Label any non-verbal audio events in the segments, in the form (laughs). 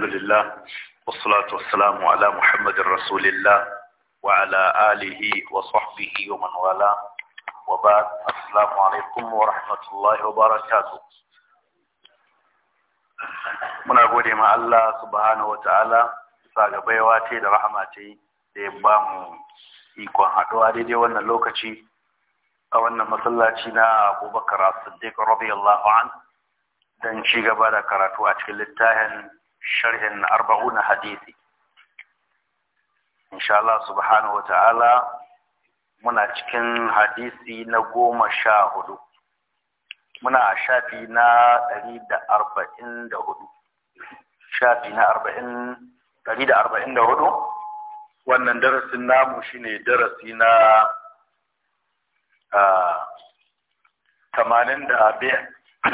alhamdulillah wassalatu wassalamu ala wa ala alihi wa sahbihi wa man wala wa ba'd assalamu alaikum wa rahmatullahi wa barakatuh muna gode ma Allah subhanahu wataala bisa ga baiwa ce da rahama ce da ya ba mu ikon haɗuwa daidai wannan lokaci a masallaci na Abubakar dan ci gaba da karatu a cikin littafin sharhin arba'una hadisi insha Allah subhanahu wa ta'ala muna cikin hadisi na goma sha hudu muna a shafi na ɗari da arba'in da hudu shafi na arba'in ɗari da arba'in da hudu wannan darasin namu shine darasi na tamanin da biyar (coughs)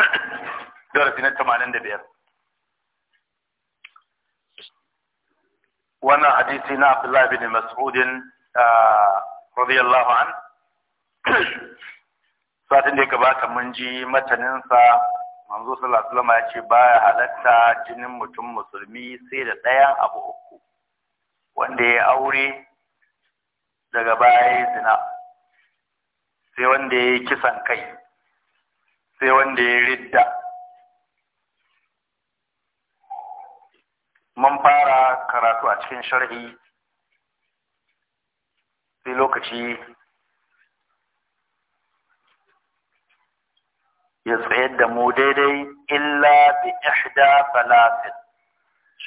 darasi na tamanin da biyar wannan hadisi na Abdullah bin Mas'ud radiyallahu an satin da ya gabata mun ji mataninsa manzo sallallahu alaihi wasallam ya ce baya halatta jinin mutum musulmi sai da ɗayan abu uku wanda ya aure daga baya ya zina sai wanda ya kisan kai sai wanda ya ridda mun fara karatu a cikin sharhi sai lokaci ya tsayar da mu daidai illa bi ihda salatin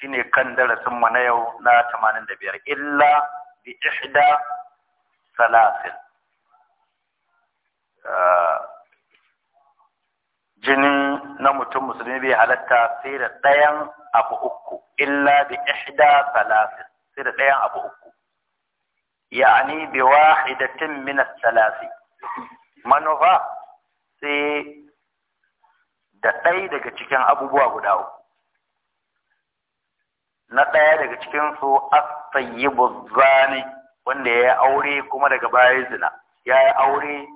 shine kan darasin mu na yau na 85 illa bi ihda salatin jini na mutum musulmi bai halatta sai da ɗayan abu uku illa bi ihda salasin sai da ɗayan abu uku ya'ani bi wahidatin min salasi manufa sai da ɗaya daga cikin abubuwa guda uku na ɗaya daga cikin su as-sayyibu zani wanda ya aure kuma daga baya zina ya yi aure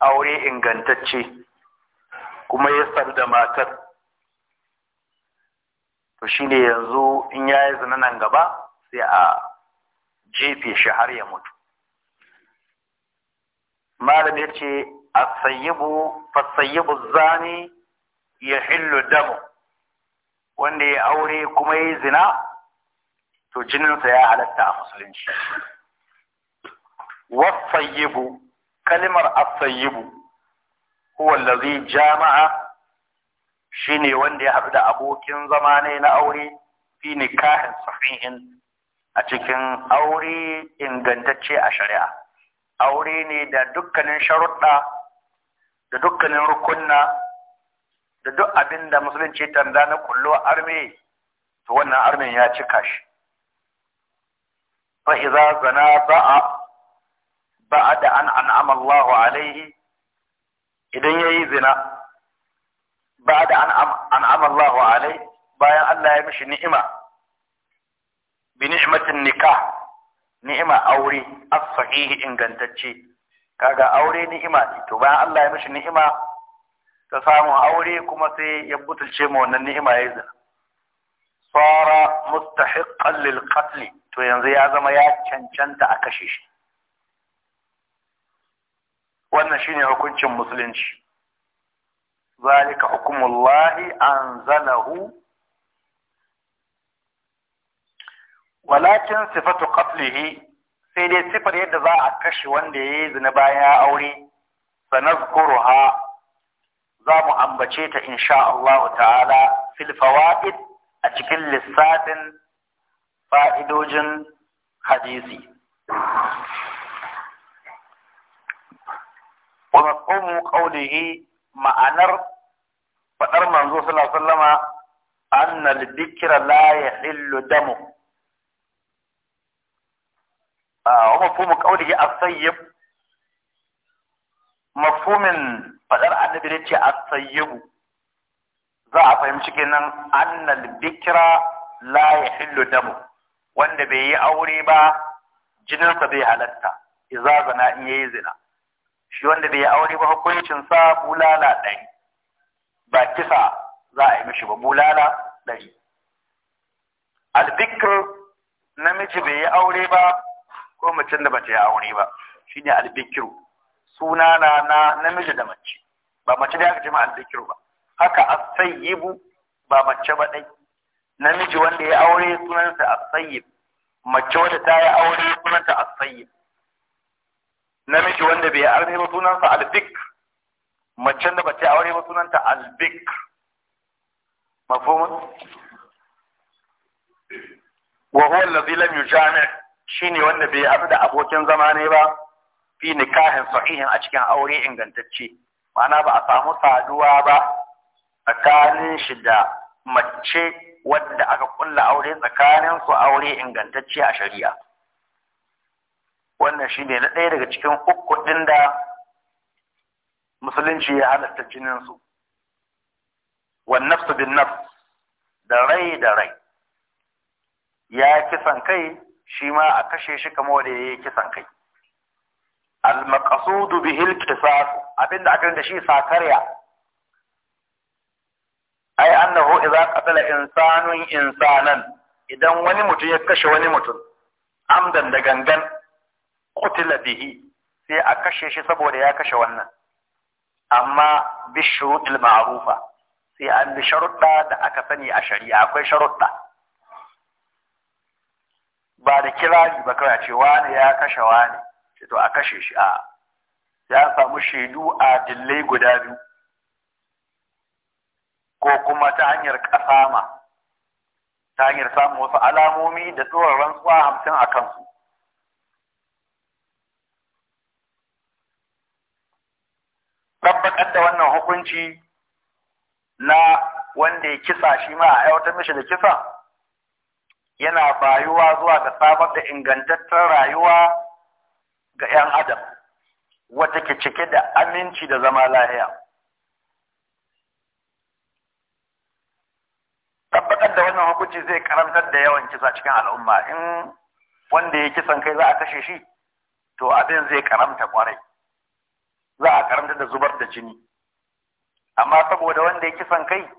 aure ingantacce kuma ya sadu da matar to shine yanzu in ya yi zina nan gaba sai a jefe shi har ya mutu malam ya ce asayyibu fasayyibu zani ya hillo damu wanda ya aure kuma ya zina to jininsa ya halatta a musulunci wasayyibu kalimar asayyibu huwa allazi jama'a Shi ne wanda ya haɗu da abokin zama ne na aure fi nikahin sahihin a cikin aure ingantacce a shari'a aure ne da dukkanin sharuɗa da dukkanin rukunna da duk abin da musulunci tanda na kullo arme to wannan armen ya cika shi fa zana ba'a da an an'amallahu alaihi idan yayi zina ba da an amallahu alai bayan Allah ya mishi ni'ima bi ni'matin nikah ni'ima aure as-sahihi ingantacce kaga aure ni'ima ce to bayan Allah ya mishi ni'ima ta samu aure kuma sai ya butulce ma wannan ni'ima ya zina sara mustahiqqan lil qatl to yanzu ya zama ya cancanta a kashe shi wannan shine hukuncin musulunci zalika hukumullahi anzalahu walakin sifatu qatlihi sai dai sifar yadda za a kashe wanda ya yi zina bayan aure sanazkuruha za mu ambace ta insha Allah ta'ala fil fawaid a cikin lissafin fa'idodin hadisi wa mafhumu qawlihi ma'anar faɗar manzo sallallahu alaihi wasallama annal bikra la yahillu damu wa mafhumu qawlihi as-sayyib mafhumin faɗar annabi ne ce as-sayyib za a fahimci kenan annal bikra la yahillu damu wanda bai yi aure ba jininsa bai halatta idza zana in yayi zina shi wanda bai yi aure ba hukuncin sa bulala ɗari ba kisa za a yi mishi ba bulala ɗari albikir namiji bai yi aure ba ko mutum da bata yi aure ba shine albikiru suna na namiji da mace ba mace da aka ce ma albikiru ba haka asayyibu ba mace ba ɗai, namiji wanda ya aure sunansa asayyib mace wanda ta yi aure sunanta asayyib namiji wanda bai yi aure ba sunansa albik macen da bata aure ba sunanta albik mafhumun wa huwa alladhi lam yujami' shine wanda bai abu da abokin zama ne ba fi nikahin sahihin a cikin aure ingantacce ma'ana ba a samu saduwa ba tsakanin shi da mace wadda aka kulla aure tsakanin su aure ingantacce a shari'a wannan shine na ɗaya daga cikin uku da musulunci ya halatta jininsu wan nafsu bin nafs da rai da rai ya kisan kai shi ma a kashe shi kamar wanda ya yi kisan kai al-maqsudu al qisas abinda aka da shi sakarya ai annahu idza qatala insanun insanan idan wani mutum ya kashe wani mutum amdan da gangan qutila bihi sai a kashe shi saboda ya kashe wannan amma bi shurutul ma'rufa sai an bi sharuɗa da aka sani a shari'a akwai sharuɗa ba da kirari ba kawai ce wani ya kashe wani ce to a kashe shi a ya samu shaidu a dillai guda biyu ko kuma ta hanyar kasama ta hanyar samun wasu alamomi da tsoron rantsuwa hamsin a kansu tabbatar da wannan hukunci na wanda ya kisa shi ma a aiwatar mishi da kisa yana bayuwa zuwa ga samar da ingantaccen rayuwa ga 'yan adam wata ke cike da aminci da zama lahiya tabbatar da wannan hukunci zai karantar da yawan kisa cikin al'umma in wanda ya kisan kai za a kashe shi to abin zai karamta kwarai za a karanta da zubar da jini amma saboda wanda ya kisan kai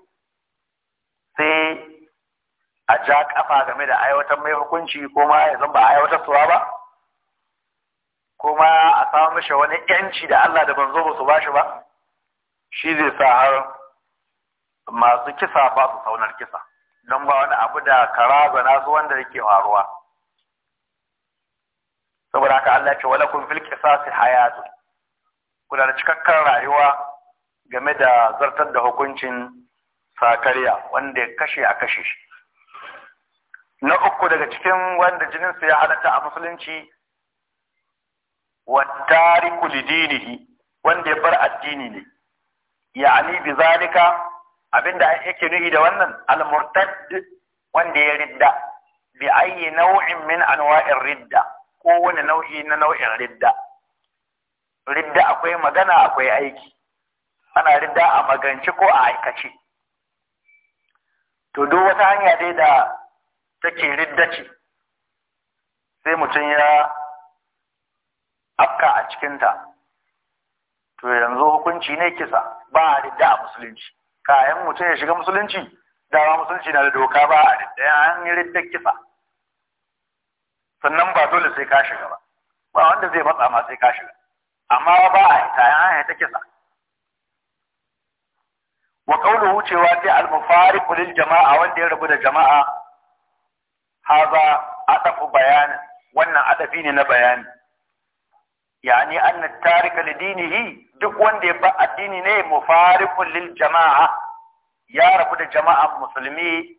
sai a ja kafa game da aiwatar mai hukunci ko ma ya zama aiwatar suwa ba ko a samu mishi wani yanci da Allah da banzo ba su bashi ba shi zai sa har masu kisa ba su saunar kisa don ba wani abu da kara ga su wanda yake faruwa saboda haka Allah ce wala kun fil qisasi hayatun kuna da cikakken rayuwa game da zartar da hukuncin sakariya wanda ya kashe a kashe shi na uku daga cikin wanda jininsu ya halatta a musulunci wattariku lidinihi wanda ya bar addini ne ya'ani bi zalika abinda yake nuhi da wannan al-murtad wanda ya ridda bi ayyi nau'in min anwa'ir ridda ko wani nau'i na nau'in ridda ridda akwai magana akwai aiki ana ridda a magance ko a aikace to duk wata hanya dai da take ridda ce sai mutum ya afka a cikinta to yanzu hukunci ne kisa ba a ridda a musulunci kayan mutum ya shiga musulunci dama musulunci na da doka ba a ridda ya yi ridda kisa sannan ba dole sai ka shiga ba ba wanda zai matsa ma sai ka shiga amma ba a yi ya haya ta kisa wa qawluhu cewa sai al-mufariqu lil jama'a wanda ya rabu da jama'a haza adafu bayanin wannan adafi ne na bayani yani anna tarika li dinihi duk wanda ya ba addini ne mufariqun lil jama'a ya rabu da jama'a musulmi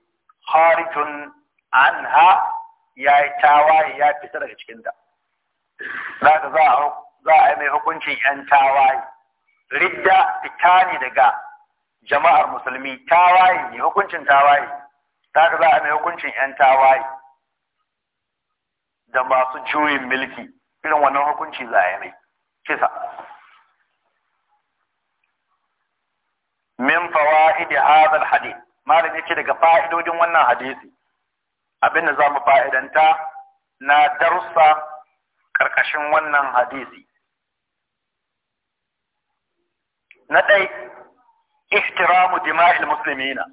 kharijun anha ya yi tawaye ya fita daga cikin da za a za a yi mai hukuncin ‘yan tawaye, ridda fita ne daga jama'ar musulmi, tawaye ne hukuncin tawaye, ta ka za a yi mai hukuncin ‘yan tawaye da masu juyin milki, irin wannan hukunci za a yi mai, kisa. Min fawa'idi hadal hadith, malam yake daga fa'idodin wannan hadisi, abinda za mu fa'idanta na darussa ƙarƙashin wannan hadisi. na ɗai ihtiramu dima'il muslimina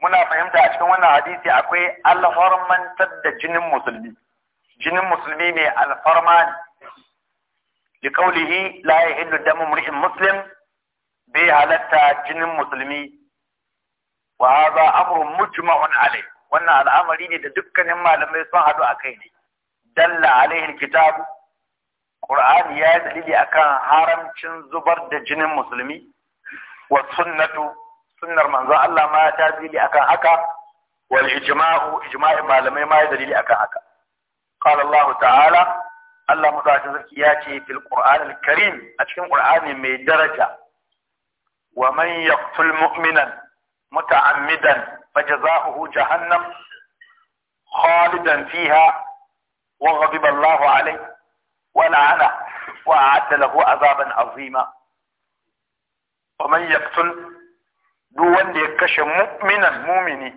muna fahimta a cikin wannan hadisi akwai alhormantar da jinin musulmi jinin musulmi mai alfarma ne liqaulihi la yahillu damu mri'in muslim bai halatta jinin musulmi wa hadha amrun mujma'un alayh wannan al'amari ne da dukkanin malamai sun hadu akai ne dalla alaihi alkitab القرآن يا دليل أكان حرام شن زبر دجن مسلمي والسنة سنة من ذا الله ما تدليل أكان أكا والإجماع إجماع ما لم ما يدليل أكان أكا قال الله تعالى الله متعجزك يا في القرآن الكريم أشكم القرآن من درجة ومن يقتل مؤمنا متعمدا فجزاؤه جهنم خالدا فيها وغضب الله عليه ولعنه واعد له عذابا عظيما ومن يقتل duk wanda ya kashe mu'minan mumini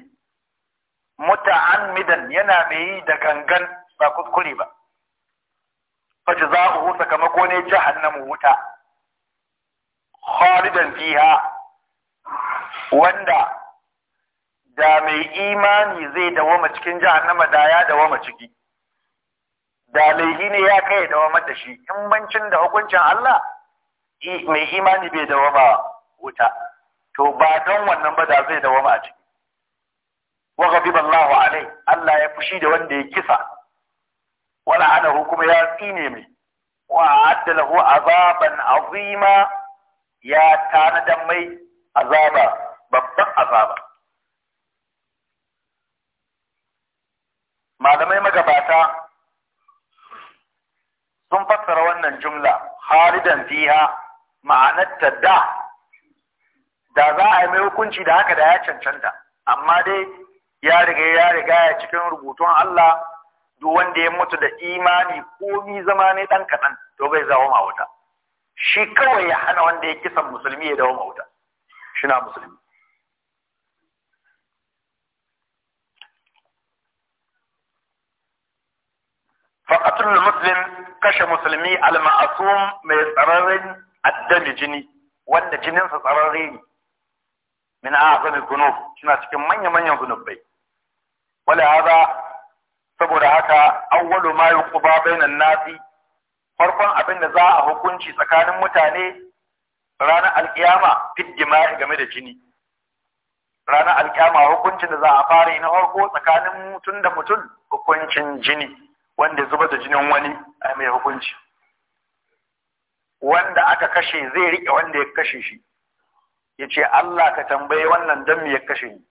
muta'ammidan yana mai da gangan ba kuskure ba fati za ku hutu kamako ne jahannamu wuta khalidan fiha wanda da mai imani zai dawo cikin jahannama da ya da wama ciki da laifi ne ya kai dawama da shi in bancin da hukuncin Allah mai imani bai dawama wuta to ba don wannan ba da zai dawama a ciki wa ghadiba Allah alai Allah ya fushi da wanda ya kisa wala ana hukuma ya tsine mai wa adda lahu azaban azima ya tanadan mai azaba babban azaba malamai magabata sun fassara wannan jumla haridan fiha ta da da za a yi mai hukunci da haka da ya cancanta amma dai ya riga ya riga ya cikin rubutun Allah duk wanda ya mutu da imani ko komi zama ne dan kaɗan to bai zawo ma wuta shi kawai ya hana wanda ya kisan musulmi ya dawo ma wuta shi na musulmi faqatul muslim kashe musulmi al-ma'sum mai tsararren addami jini wanda jininsa tsararre ne min a'zami dhunub suna cikin manya-manyan zunubai wala hada saboda haka awwalu ma yuqba bainan nasi farkon abin da za a hukunci tsakanin mutane ranar alkiyama fit game da jini ranar alkiyama hukuncin da za a fara yi na farko tsakanin mutum da mutum hukuncin jini wanda zuba da jinin wani a mai hukunci wanda aka kashe zai riƙe wanda ya kashe shi ya ce Allah ka tambaye wannan don mu ya kashe ni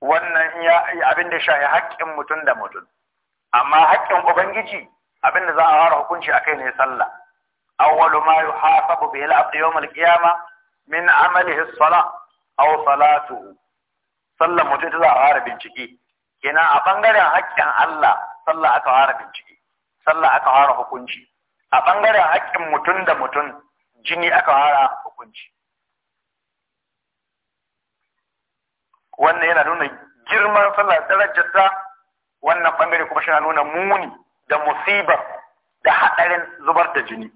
wannan ya abin da shahi haƙƙin mutum da mutum amma haƙƙin ubangiji abin da za a fara hukunci a kai ne sallah awwalu ma yuhasabu bihi al-abdu yawm al-qiyama min amalihi as-salah aw salatuhu sallan mutum ta za a fara bincike Yana a bangaren haƙƙin Allah sallah aka fara bincike sallah aka fara hukunci a bangaren haƙƙin mutum da mutum jini aka fara hukunci wannan yana nuna girman sallah darajar ta wannan bangare kuma shi nuna muni da musibar da haɗarin zubar da jini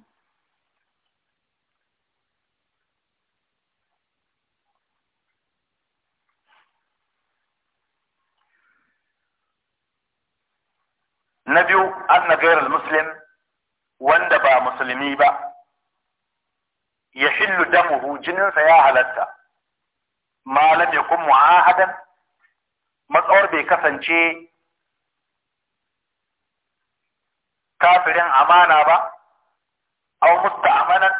na biyu anna gairar muslim wanda ba musulmi ba ya hillu damuhu jininsa ya halatta malam ya kun mu'ahadan matsawar bai kasance kafirin amana ba au musta'amanan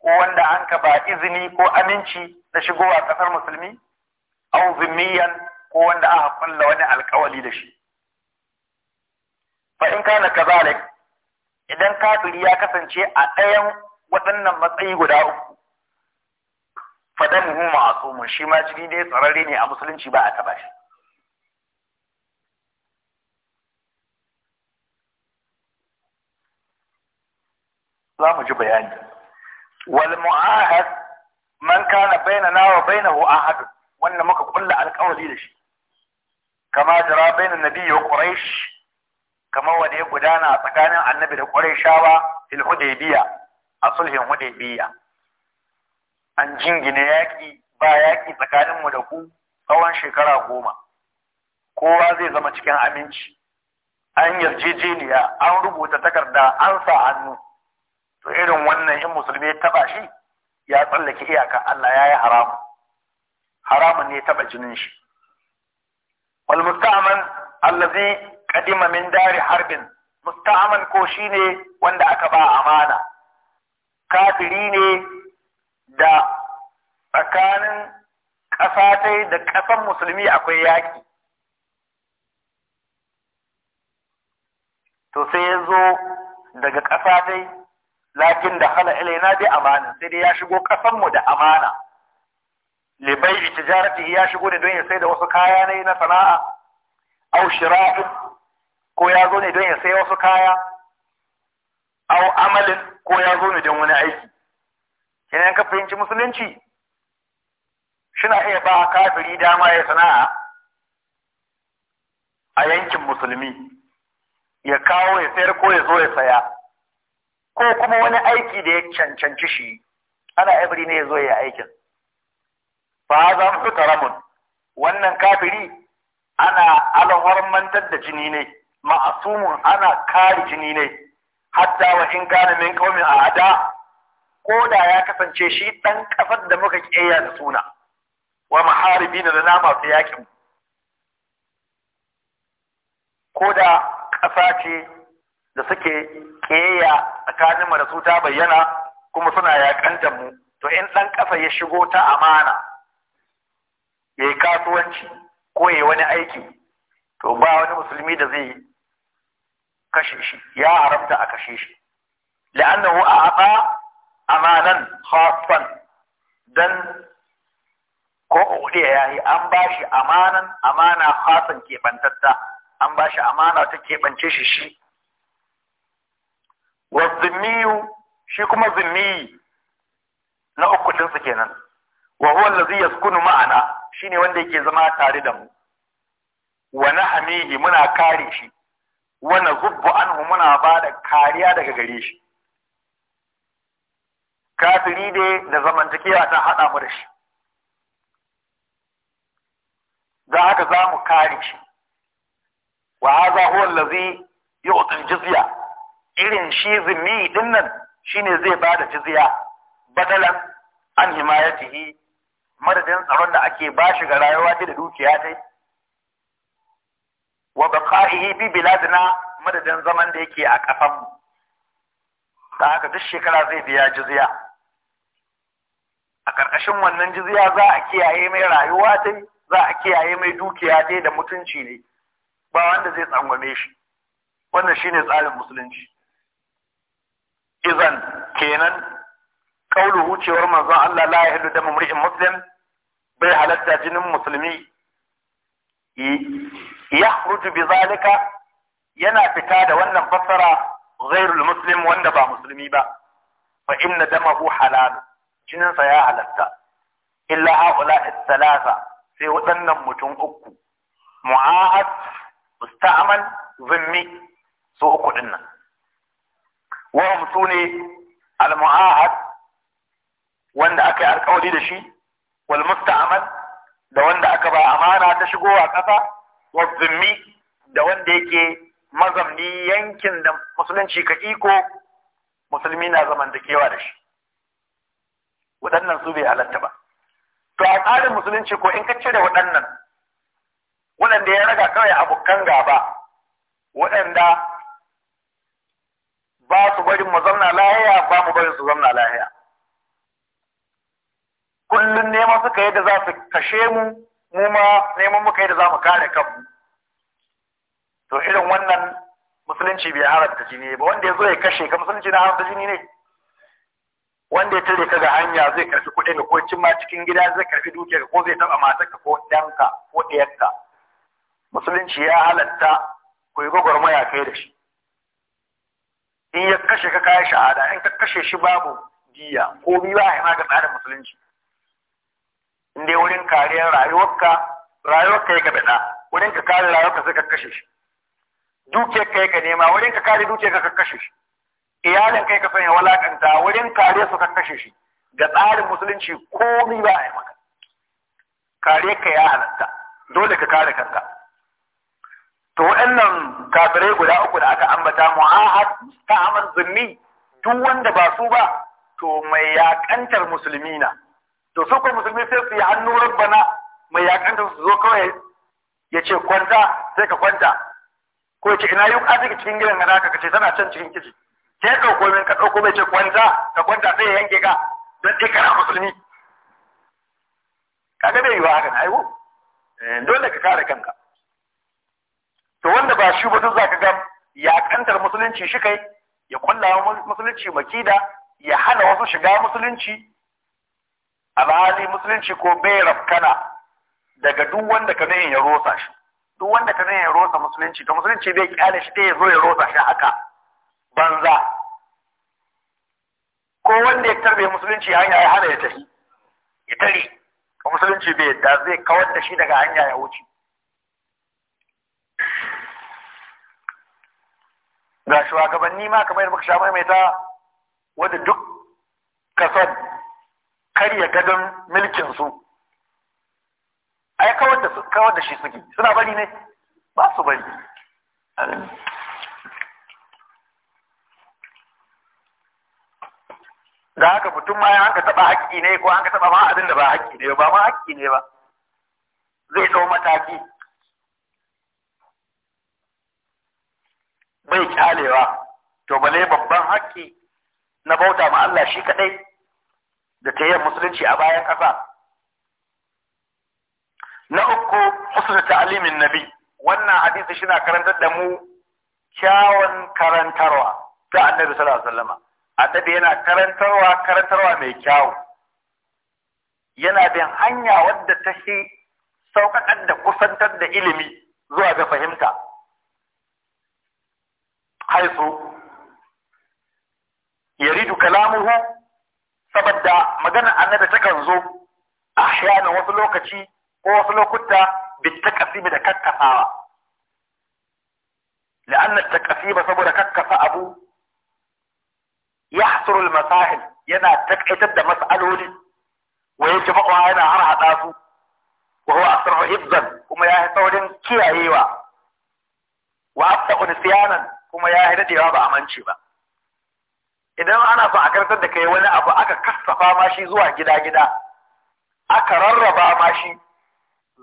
ko wanda an ka ba izini ko aminci na shigowa kasar musulmi au zimmiyan ko wanda aka kulla wani alkawali da shi fa in kana kazalik idan kafiri ya kasance a ɗayan waɗannan matsayi guda uku fa a ma'asumun shi ma jini ne tsararre ne a musulunci ba a taba shi za mu ji bayani wal mu'ahad man kana bainana wa bainahu ahad wannan muka kulla alƙawari da shi kama jira bainan nabiyyu wa quraish kamar wanda ya gudana tsakanin annabi da qurayshawa fil hudaybiya a sulhin hudaybiya an jingine yaki ba yaki tsakanin mu da ku tsawon shekara goma kowa zai zama cikin aminci an yarjejeniya an rubuta takarda an sa hannu to irin wannan in musulmi ya taba shi ya tsallake iyaka Allah ya yi haramu haramun ne taba jinin shi wal musta'man allazi kadima min dari harbin musta'man ko shine wanda aka ba amana kafiri ne da tsakanin ƙasa da ƙasan musulmi akwai yaƙi to sai ya zo daga ƙasa ta lakin da hala ilaina bi amana sai dai ya shigo ƙasanmu da amana libai tijarati ya shigo da don ya sai da wasu kaya ne na sana'a au shira'in ko ya zo ne don ya sai wasu kaya au amalin ko ya zo ne don wani aiki kenan ka fahimci musulunci shina iya ba kafiri dama ya sana'a a yankin musulmi ya kawo ya sayar ko ya zo ya saya ko kuma wani aiki da ya cancanci shi ana ibri ne ya zo ya aikin Ba za mu wannan kafiri ana alhormantar da jini ne ma'asumun ana kare jini ne hatta wa in kana min qaumin ada. ko da ya kasance shi dan kasar da muka kiyaye da suna wa maharibin da na masu yakin ko da kasa ce da suke kiyaye tsakanin mu da su ta bayyana kuma suna yakan mu to in dan ƙasa ya shigo ta amana yayi kasuwanci ko yayi wani aiki to ba wani musulmi da zai kashe shi ya haramta a kashe shi la'annahu a'ata amanan khaffan dan ko ya yayi an bashi amanan amana khassan keɓantatta, an shi amana ta keɓance shi shi wa zimmiyu shi kuma zimmi na uku ɗinsu kenan wa huwa allazi yaskunu ma'ana shine wanda yake zama tare da mu wa nahmihi muna kare shi wani zubbu anhu muna ba da kariya daga gare shi kafiri ne da zamantakewa ta haɗa mu da shi da haka za mu kare shi wa haza huwa allazi yu'ti jizya irin shi zimmi dinnan shine zai ba da jizya badalan an himayatihi madadin tsaron da ake bashi ga rayuwa ta da dukiya ta wa baqa'ihi bi biladina madadin zaman da yake a kasan mu ta haka duk shekara zai biya jizya a karkashin wannan jizya za a kiyaye mai rayuwa dai za a kiyaye mai dukiya dai da mutunci ne ba wanda zai tsangwame shi wannan shine tsarin musulunci izan kenan kaulu wucewar manzon Allah la yahdu da mumri'in muslim bai halatta jinin musulmi yahruju bi zalika yana fita da wannan fassara ghairul muslim wanda ba musulmi ba fa inna damahu halal jinin sa ya halatta illa haula thalatha sai waɗannan mutum uku mu'ahad musta'mal zimmi su uku dinnan wa hum sune al mu'ahad wanda aka yi alkawari da shi wal musta'mal da wanda aka ba amana ta shigowa ƙasa wazumi da wanda yake mazamni yankin da musulunci ka iko musulmi na zaman da shi waɗannan su bai halatta ba to a tsarin musulunci ko in ka cire waɗannan waɗanda ya raga kawai abokan gaba waɗanda ba su bari mu zauna lahiya ba mu bari su zauna lahiya kullum neman suka yi da za su kashe mu mu ma neman muka yi da za mu kare kanmu to irin wannan musulunci bai haramta jini ba wanda ya zo ya kashe ka musulunci na haramta jini ne wanda ya tare ka ga hanya zai karfi kuɗi ko cin ma cikin gida zai karfi dukiyar ko zai taɓa matarka ko ɗanka ko ɗiyarka musulunci ya halatta ku yi gwagwarmaya kai da shi in ya kashe ka kayan shahada in ka kashe shi babu diya ko biyu ba a yi ma ga tsarin musulunci in dai wurin kariyar rayuwarka rayuwarka ya gabe da wurin ka kare rayuwarka sai ka kashe shi dukiyar kai ka nema wurin ka kare dukiyar ka kashe shi iyalin kai ka sanya walakanta wurin kare su ka kashe shi ga tsarin musulunci komai ba a yi maka kare ka ya halatta dole ka kare kanka to waɗannan kafirai guda uku da aka ambata mu'ahad ta aman zunni duk wanda ba su ba to mai yakantar musulmi na to su kai musulmi sai su yi hannu rabbana mai yakan da su zo kawai ya ce kwanta sai ka kwanta ko ya ce ina yi ka cikin gidan ga naka ce tana can cikin kici sai ka min ka ɗauko mai ce kwanta ka kwanta sai ya yanke ka don ɗin kana musulmi kaga bai yi wa hakan, haihu eh, dole ka kare kanka to wanda ba shi ba duk ka ga ya kantar musulunci shi kai ya kwallawa musulunci makida ya hana wasu shiga musulunci alhali musulunci ko bai rafkana daga duk wanda ka ya rosa shi duk wanda ka ya rosa musulunci to musulunci bai kyale shi ta ya zo ya rosa shi haka banza ko wanda ya tarbe musulunci hanya ya hana ya tafi ya tare musulunci bai yadda zai kawar da shi daga hanya ya wuce ga shugabanni ma kamar yadda muka sha maimaita wadda duk ka san karya gadon milkin su ai kawar da kawar da shi suke suna bari ne ba su bari da haka mutum ma ya hanka taba haƙƙi ne ko hanka taba ma abin da ba haƙƙi ne ba ma haƙƙi ne ba zai ɗau mataki bai kyalewa to bale babban haƙƙi na bauta ma Allah shi kaɗai da ta yi musulunci a bayan ƙasa na uku husnul ta'limin nabi wannan hadisi shi na karantar da mu kyawun karantarwa ta annabi sallallahu alaihi annabi yana karantarwa karantarwa mai kyawu yana bin hanya wadda ta shi sauƙaƙar da kusantar da ilimi zuwa ga fahimta haisu yaridu kalamuhu saboda magana annabi takan zo ahyana wasu lokaci ko wasu lokuta bitakasib da kakkafawa ta التكثيب saboda kakkafa abu يحصر المساحل yana takaitar da mas'aloli wa yajma'uha yana harhaɗa su wa huwa asrahu kuma ya yi saurin kiyayewa wa asra'u nisyanan kuma ya yi dadewa ba amince ba idan ana so a karantar da kai wani abu aka kassafa ma shi zuwa gida-gida aka rarraba mashi shi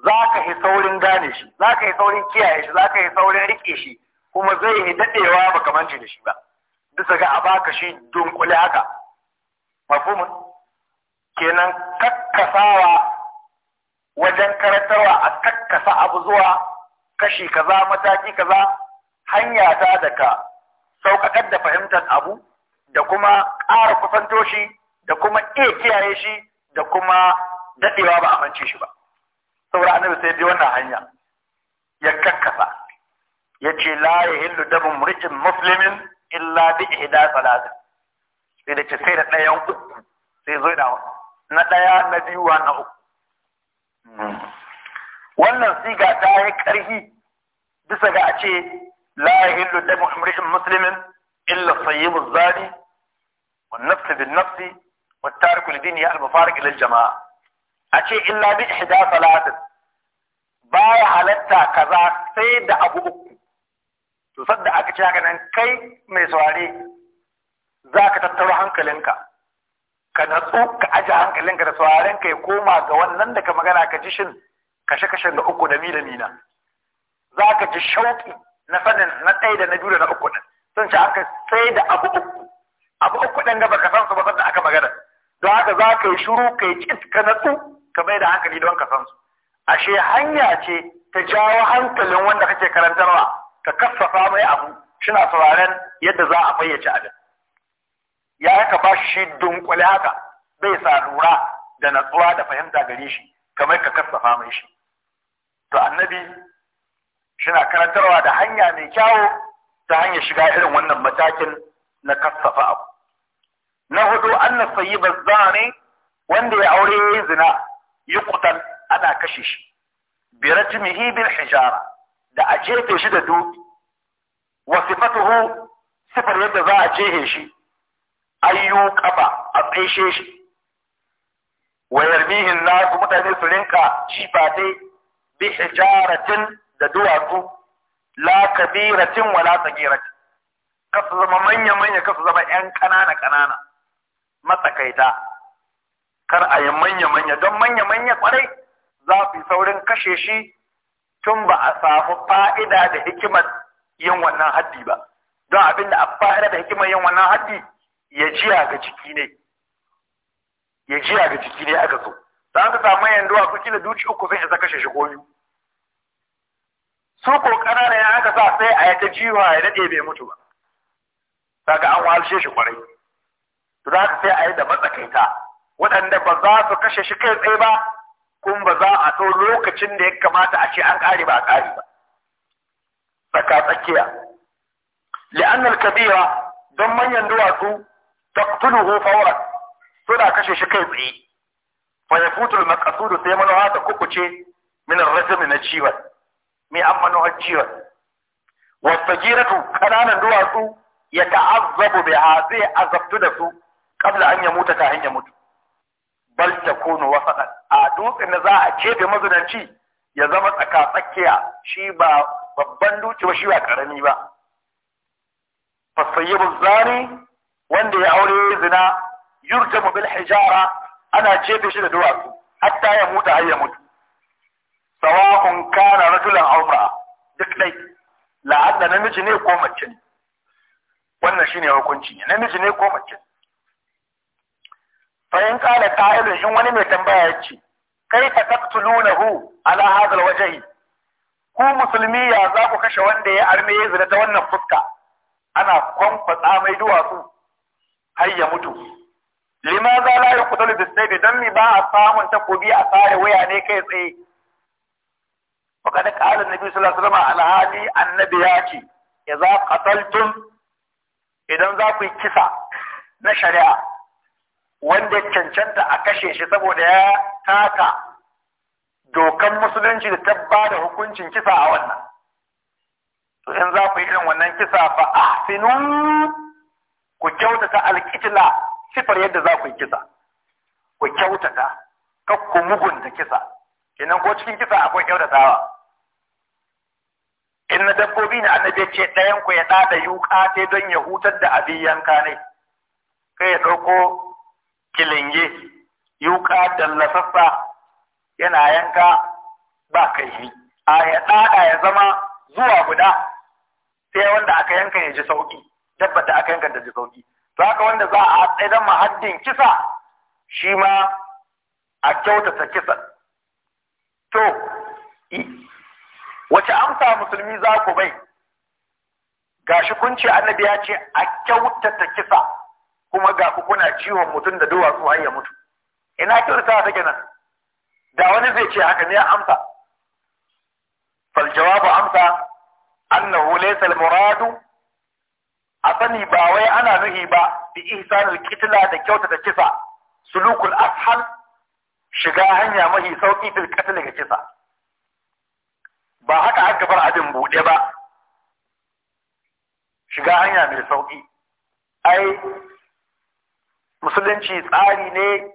za ka yi saurin gane shi za ka yi saurin kiyaye shi za ka yi saurin rike shi kuma zai yi daɗewa ba ji da shi ba bisa ga a baka shi dunkule haka mafumu kenan kakkasawa wajen karantarwa a kakkasa abu zuwa kashi kaza mataki kaza hanya ta da ka sauƙaƙar da fahimtar abu da kuma ƙara kusanto shi da kuma iya kiyaye shi da kuma daɗewa ba amince shi ba saboda annabi sai dai wannan hanya ya kakkasa ya ce la ya hillu dabin murjin muslimin illa bi ihda salatin sai da ce sai da ɗayan uku sai zo da na ɗaya na biyu na uku wannan siga ta yi ƙarfi bisa ga a ce la ya hillu dabin murjin muslimin illa sayyibu zani والنفس بالنفس والتارك لدين يا المفارق إلى الجماعة أشي إلا بإحدى ثلاثة باي حالتا كذا سيد أبو أكو تصدق أكتش هكذا كي ميسواري ذاك تتروح هنكلنك ka natsu ka ajiye hankalinka da sauraren ya koma ga wannan da ka magana ka ji shin kashe-kashen da uku da mi da mina za ka ji shauƙi na na ɗaya da na na uku ce da abu uku abu uku ɗan gaba baka san su ba sanda aka magana don haka za ka yi shuru ka yi cit ka natsu ka mai da hankali don ka san su ashe hanya ce ta jawo hankalin wanda kake karantarwa ka kassafa mai abu suna sauraren yadda za a fayyace abin ya ka ba shi dunkule haka bai sa lura da natsuwa da fahimta gare shi kamar ka kassafa mai shi to annabi shina karantarwa da hanya mai kyawo ta hanyar shiga irin wannan matakin na kassafa abu na hudu anna sayyiba zani wanda ya aure yi zina yuqtal ana kashe shi bi rajmihi bil hijara da a jefe shi da duki wa sifatuhu sifar yadda za a jehe shi ayyu qaba a feshe shi wa yarmihin nasu mutane su rinka jifa dai bi hijaratin da duwatsu la kabiratin wala sagiratin kasu zama manya manya kasu zama yan ƙanana ƙanana matsakaita kar a yi manya-manya don manya-manya kwarai za su yi saurin kashe shi tun ba a samu fa'ida da hikimar yin wannan haddi ba don abin da a fa'ida da hikimar yin wannan haddi ya jiya ga ciki ne ya jiya ga ciki ne aka so za ka samu manyan duwa ku kila duci uku sun isa kashe shi komi su ko ƙanana ya aka sa sai a yi ta jiwa ya daɗe bai mutu ba kaga an wahalshe shi kwarai za ka sai a yi da matsakaita waɗanda ba za su kashe shi kai tsaye ba kuma ba za a ɗau lokacin da ya kamata a ce an ƙare ba a ƙare ba tsaka tsakiya li'annal kabira don manyan duwatsu taqtuluhu fawran suna kashe shi kai tsaye fa yafutul maqsud sai manoha ta kukuce min ar-rajm na ciwon mai an manoha ciwon wasagiratu kananan duwatsu ya biha zai azabtu da su qabla an yamuta kafin ya mutu bal takunu wasatan a dutsen da za a kebe mazinanci ya zama tsaka tsakiya shi ba babban dutse ba shi ba karami ba fasayyibu zani wanda ya aure zina yurjamu bil hijara ana jefe shi da duwatsu hatta ya mutu har ya mutu sawa'un kana rajulan aw imra'a duk dai la'alla namiji ne ko mace ne wannan shine hukunci namiji ne ko mace Bayan kala ƙa'ilun in wani mai tambaya ya ce, kai fa hu? ala ku musulmi ya za ku kashe wanda ya arme ya zina ta wannan fuska ana kwankwatsa mai duwatsu har ya mutu limaza la da sai dan mi ba a samun takobi a tsare waya ne kai tsaye da ƙarin nabi sallallahu alaihi wasallam alhadi annabi ya ce idza idan za ku yi kisa na shari'a wanda cancanta a kashe shi saboda ya taka dokan musulunci da tabba da hukuncin kisa a wannan to in za ku yi irin wannan kisa fa ahsinu ku kyautata alkitila sifar yadda za ku yi kisa ku kyautata ka ku mugunta kisa kenan ko cikin kisa akwai kyautatawa in na dabbobi na annabi ce ɗayan ku ya ɗada yuƙa don ya hutar da abin yanka ne kai ya ɗauko kilinge yuka dallasassa yana yanka ba yi. a ya tsada ya zama zuwa guda sai wanda aka yanka ya ji sauki dabba da aka yanka da ji sauki to haka wanda za a tsaidan mahaddin kisa shi ma a kyautata kisa to wace amsa musulmi za ku bai gashi kun ce annabi ya ce a kyautata kisa kuma ga ku kuna ciwon mutum da duwatsu har ya mutu ina kyautatawa take nan da wani zai ce haka ne ya amsa fal jawabu amsa annahu laysa al a sani ba wai ana nuhi ba bi ihsanul kitla da kyautata kisa sulukul ashal shiga hanya mahi sauki fil qatl ga kisa ba haka aka bar abin bude ba shiga hanya mai sauki ai musulunci tsari ne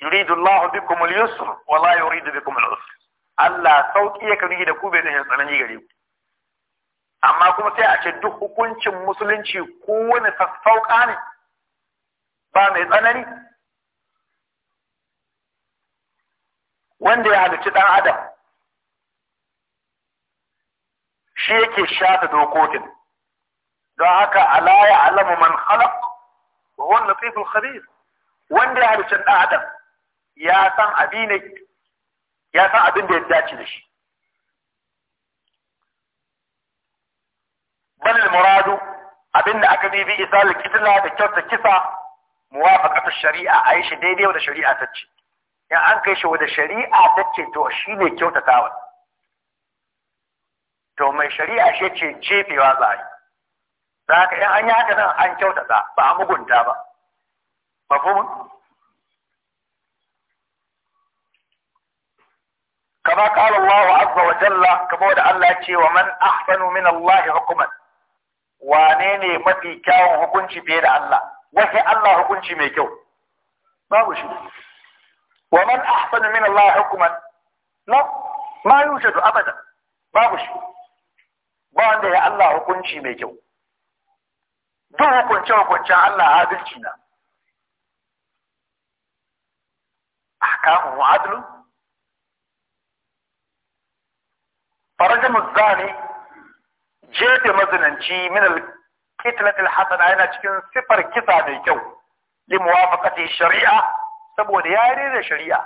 yuridu Allah bikum al-yusr wa la yuridu bikum al-usr Allah sauki ya kari da ku bai da tsanani gare ku amma kuma sai a ce duk hukuncin musulunci kowane sassauka ne ba mai tsanani wanda ya halicci ɗan adam shi yake shata dokokin don haka ala ya alamu man khalaq وهو اللطيف الخبير وان دي يعني عارف اعدم يا سان ابينك يا سان ابين دي اتجاج بل المراد ابين اكدي بي اثال الكتلة دكتورة كسا موافقة الشريعة عايش دي ولا ودى شريعة تتش يعني انك ايش ودى شريعة تتش توشيني كيو تتاول تو ما شريعة شيء جي في وازعي da haka in an yi haka nan an kyautata ba a mugunta ba mafhumun kama qala Allah azza wa jalla kama da Allah ce wa man ahsanu min Allah hukuman wane ne mafi kyawun hukunci fiye da Allah wahi Allah hukunci mai kyau babu shi wa man ahsanu min Allah hukuman la ma yujadu abada babu shi ba wanda ya Allah hukunci mai kyau duk hukunce hukuncen Allah adalci na ahkamu adlu farajin muzani jefe mazinanci min alkitlatil hasana yana cikin sifar kisa mai kyau li muwafaqati shari'a saboda ya rere shari'a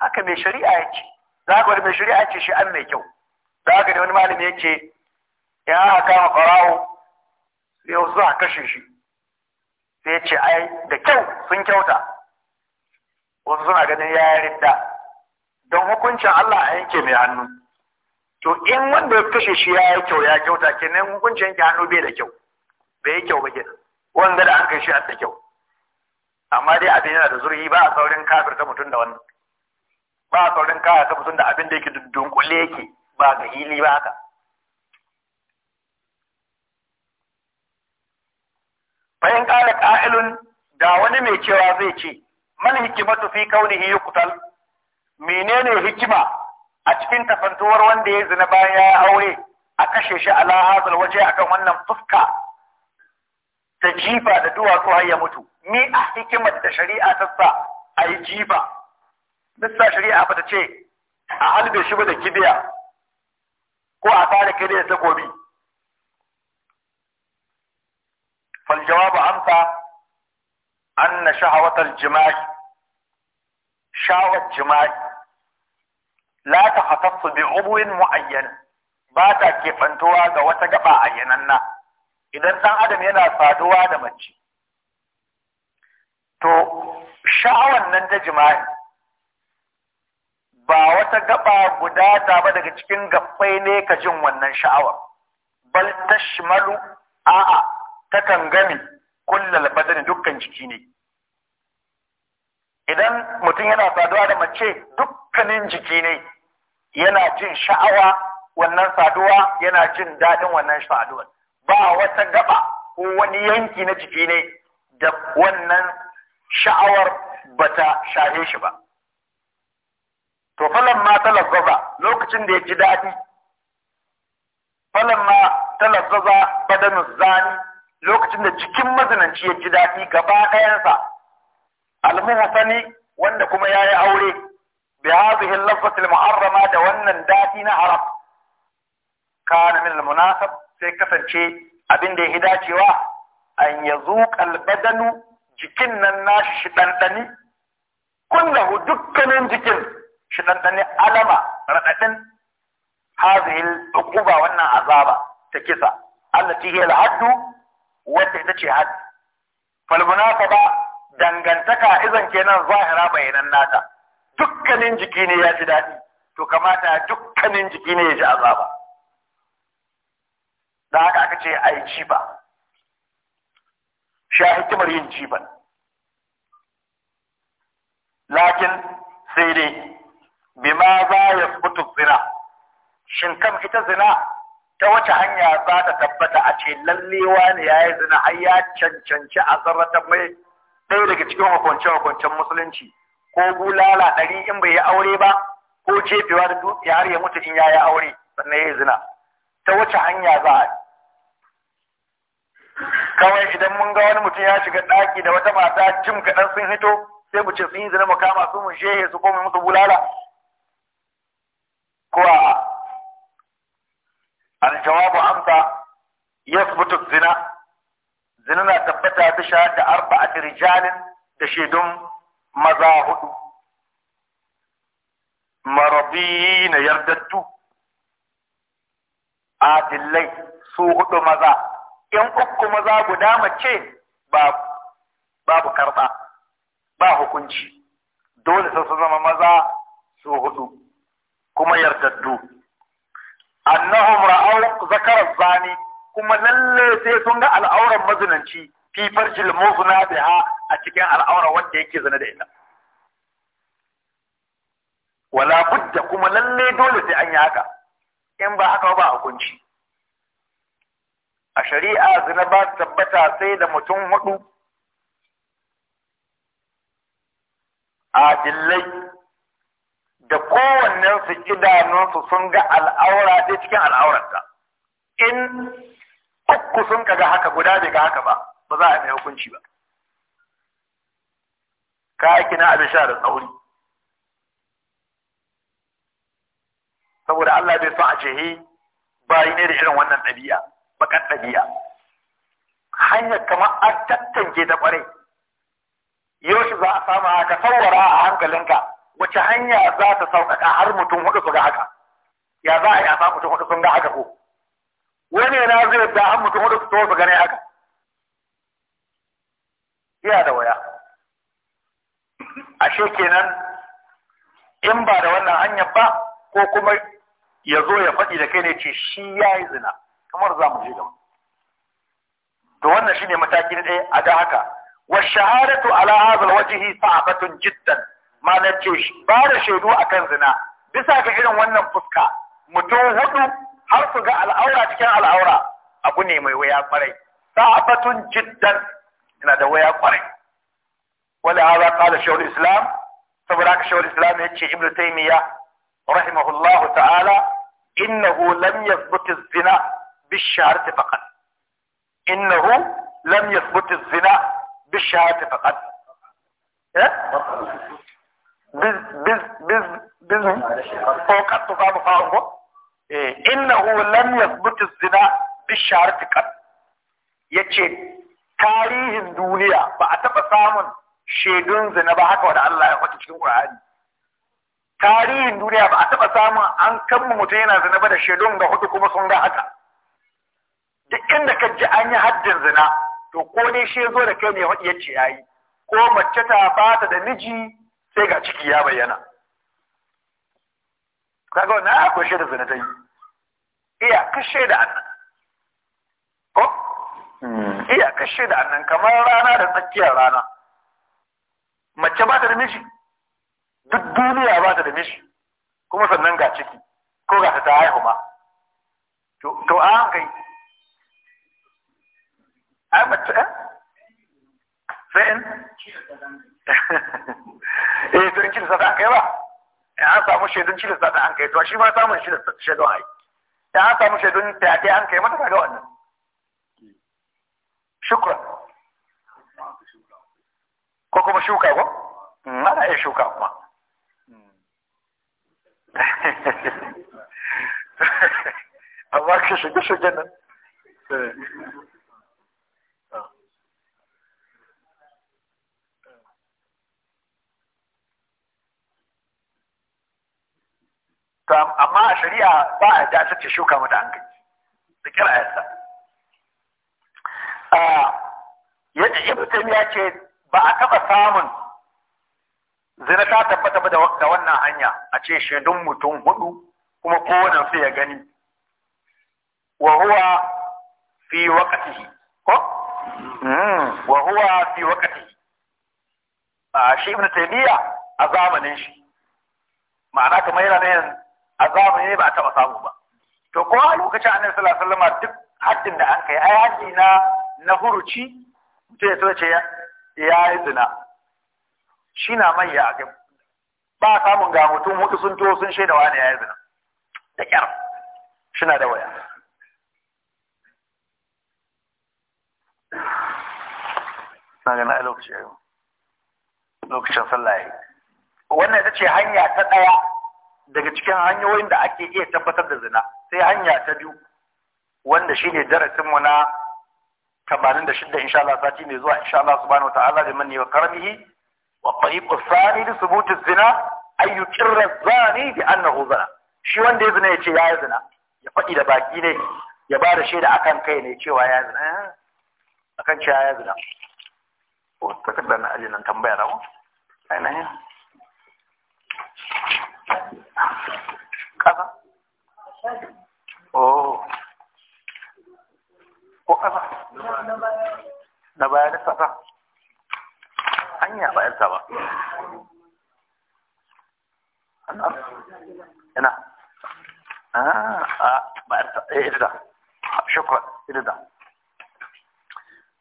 haka mai shari'a yake za ka wani mai shari'a ce shi an mai kyau za ka da wani malami yake ya kama farawo yau za a kashe shi sai ce ai da kyau sun kyauta wasu suna ganin ya ridda don hukuncin Allah a yanke mai hannu to in wanda ya kashe shi ya yi kyau ya kyauta kenan hukuncin yanke hannu bai da kyau bai yi kyau ba kenan wanda da an kai shi a da kyau amma dai abin yana da zurfi ba a saurin kafir ta mutum da wannan ba a saurin kaya ta mutum da abin da yake dundunkule yake ba ga hili ba haka in qala qa'ilun da wani mai cewa zai ce man hikimatu fi kaunihi yuqtal menene hikima a cikin tafantuwar wanda ya zina bayan ya aure a kashe shi a hazal waje akan wannan fuska ta jifa da duwatsu har ya mutu ni a hikimar da shari'a ta sa a yi jifa bisa shari'a ba ta ce a albashi shi ba da kibiya ko a fara kiriya takobi فالجواب عنها أن شهوة الجماع شهوة الجماع لا تختص بعضو معين باتا كيفانتوا ga wata gaba ayyananna idan ɗan adam yana saduwa da mace to sha'awar nan ta jima'i ba wata gaba guda ta ba daga cikin gabbai ne ka jin wannan sha'awar bal a'a takan gami kullal badani dukkan jiki ne idan mutum yana saduwa da mace dukkanin jiki ne yana jin sha'awa wannan saduwa yana jin daɗin wannan saduwar ba wata gaba ko wani yanki na jiki ne da wannan sha'awar bata shahe shi ba to Falon ma talazzaza lokacin da ya ji daɗi Falon ma talazzaza badanun zani lokacin da jikin mazinanci ya ji daɗi gaba ɗayansa almuhsani wanda kuma ya yi aure bi hadhihi al-lafzati al-muharrama da wannan daɗi na haram kana min al-munasab sai kasance abin da ya dacewa an yazuqa al-badanu jikin nan nashi shi dandani kullahu dukkanin jikin shi dandani alama radadin hadhihi al-uquba wannan azaba ta kisa allati hiya al-haddu wadda ita ce Falmuna falmunaka ba dangantaka izan kenan zahira bayanan nata dukkanin jiki ne ya ci daɗi to kamata dukkanin jiki ne ya ji azaba da haka aka ce a yi ba? sha hikimar yin ba. lakin sai dai bima za ya fito zina shin kam ita zina ta wata hanya za ta tabbata a ce lalle ne ya yi zina har ya cancanci a zarratar mai ɗaya daga cikin hukunce-hukuncen musulunci ko bulala ɗari in bai yi aure ba ko jefewa da dukiya har ya mutu in ya yi aure sannan ya yi zina ta wace hanya za a kawai idan mun ga wani mutum ya shiga ɗaki da wata mata jim kaɗan sun hito sai mu ce sun yi zina mu kama su mu shehe su ko mu musu bulala ko a'a الجواب أمتى يثبت الزنا زنا لا تبتع بشهادة أربعة رجال تشهدون مذاهد مرضيين يرددوا adillai su hudu maza in uku maza guda mace babu karɓa ba hukunci dole sai su zama maza su hudu kuma yardaddu annahum ra'aw zakara zani kuma lalle sai sun ga al'auran mazinanci fi farjil muzna biha a cikin al'aura wanda yake zina da ita wala budda kuma lalle dole sai an yi haka in ba haka ba hukunci a shari'a zina ba tabbata sai da mutum hudu adillai da kowannensu idanunsu sun ga al'aura ɗaya cikin al'aurarta in uku sun ka ga haka guda bai ga haka ba ba za a mai hukunci ba ka aiki na abin sha da tsauri saboda Allah bai son a ce he bayi ne da irin wannan ɗabi'a bakan ɗabi'a hanyar kamar a tattanke ta ƙwarai yau shi za a samu haka saurara a hankalinka wace hanya za ta sauƙaƙa har mutum hudu su ga haka ya za a yi asa mutum hudu sun ga haka ko wani na zai yadda har mutum hudu su to su gane haka iya da waya ashe kenan in ba da wannan hanyar ba ko kuma ya zo ya faɗi da kai ne ce shi ya yi zina kamar za mu je gaba to wannan shine mataki na ɗaya a da haka wa shahadatu ala hadha alwajhi sa'abatun jiddan malam ce ba da shaidu akan zina bisa ga irin wannan fuska mutum hudu har su ga al'aura cikin al'aura abu ne mai waya kwarai sa'afatun jiddan yana da waya kwarai wala hada qala shaykhul islam saboda haka shaykhul islam yace ibnu taymiya rahimahullah ta'ala innahu lam yathbut az-zina bish-shahadati faqat innahu lam yathbut az-zina bish-shahadati faqat eh biz biz biz biz ko qattu babu fa'un ko eh innahu lam yathbut az-zina bi sharati qat yace tarihin duniya ba a taɓa samun shaidun zina ba haka wanda Allah ya faɗi cikin Qur'ani tarihin duniya ba a taɓa samun an kammu mutum yana zina ba da shaidun ga hudu kuma sun ga haka duk inda ka ji an yi haddin zina to ko ne shi ya zo da kai ne ya ce yayi ko mace ta bata da miji sai ga ciki ya bayyana kaga wannan akwai shaida zina ta yi iya ka da annan ko hmm. iya ka da annan kamar rana da tsakiyar rana mace ba ta da miji duk duniya ba ta da miji kuma sannan ga ciki ko ga ta ta haihu ma to a hankali ai mace eh? sai in (laughs) eh turin cilisa da an kai ba in an samu shaidun cilisa da an kai to shi ma samun shaidun ai in eh, an samu shaidun ta tayatai an kai mata kaga wannan Shukra. ko kuma shuka ko hmm, ana iya shuka kuma (laughs) amma ka shiga shiga nan eh. to amma a shari'a ba a da ce shuka mata an gani da kira a yadda ibn ya ce ba a taba samun zina ta tabbata ba da wannan hanya a ce shaidun mutum hudu kuma kowane su ya gani wa huwa fi waqtihi ko hmm. wa huwa fi waqtihi shi ibn taymiya a zamanin shi ma'ana kamar yana ne a zamani ba a taɓa samu ba to ko a lokacin annabi sallallahu alaihi wasallam duk haddin da an kai ai haddi na na huruci mutum ya ce ya yi zina shi na manya a kai ba a samun ga mutum mutu sun to sun shaida wani ya yi zina da kyar shi na da waya na gana a lokacin sallah wannan ita ce hanya ta ɗaya daga cikin hanyoyin da ake iya tabbatar da zina sai hanya ta biyu wanda shine darasin mu na 86 insha Allah sati mai zuwa insha Allah subhanahu wataala da manni wa karamihi wa tariqu sani da thubut zina ayyukin yuqirra az-zani bi annahu zina shi wanda ya zina ya ce ya yi zina ya faɗi da baki ne ya ba da shaida akan kai ne cewa ya zina akan cewa ya zina ko takardar na ajin nan tambaya rawo ainihin ƙasa oh ko na bayan ƙasa hanya bayan ta ba ina ah, a bayan ta eh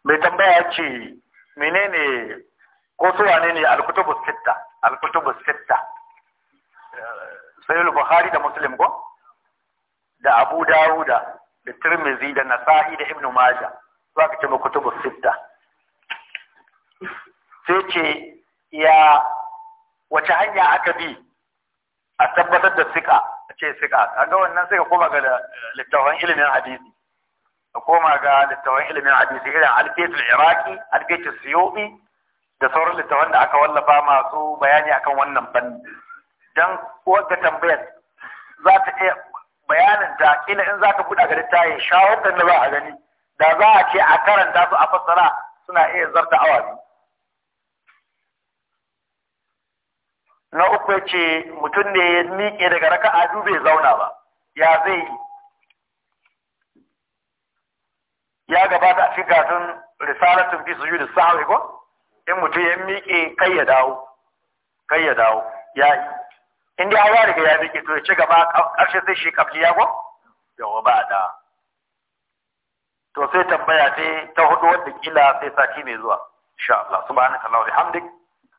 mai tambaya ce menene ko ne sitta sitta sayul bukhari da muslim ko da abu dawuda da tirmizi da nasa'i da ibnu majah su aka ce kutubu sitta sai ce ya wace hanya aka bi a tabbatar da sika a ce sika kaga wannan sai ka koma ga littafin ilimin hadisi ka koma ga littafin ilimin hadisi irin alfetul iraki alfetul siyubi da sauran littafan da aka wallafa masu bayani akan wannan fanni don wadda tambayar za ta iya bayanin ta kila in za ka buɗa ga littafin shawarar da za a gani da za a ce a karanta su a fassara suna iya zarta awa biyu na uku ya ce mutum ne ya miƙe daga raka a bai zauna ba ya zai yi ya gabata a cikin gatun risalatun fi su da sa'awi ko in mutum ya miƙe kai ya dawo kai ya dawo ya yi in dai ya riga ya miƙe to ya ci gaba ƙarshe sai shi kabli ya go yawa ba da to sai tambaya ce ta hudu wanda kila sai sati mai zuwa insha Allah subhanaka Allahu bihamdik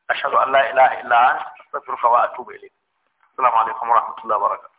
ashhadu an la ilaha illa anta astaghfiruka wa atubu ilayk assalamu alaikum wa rahmatullahi wa barakatuh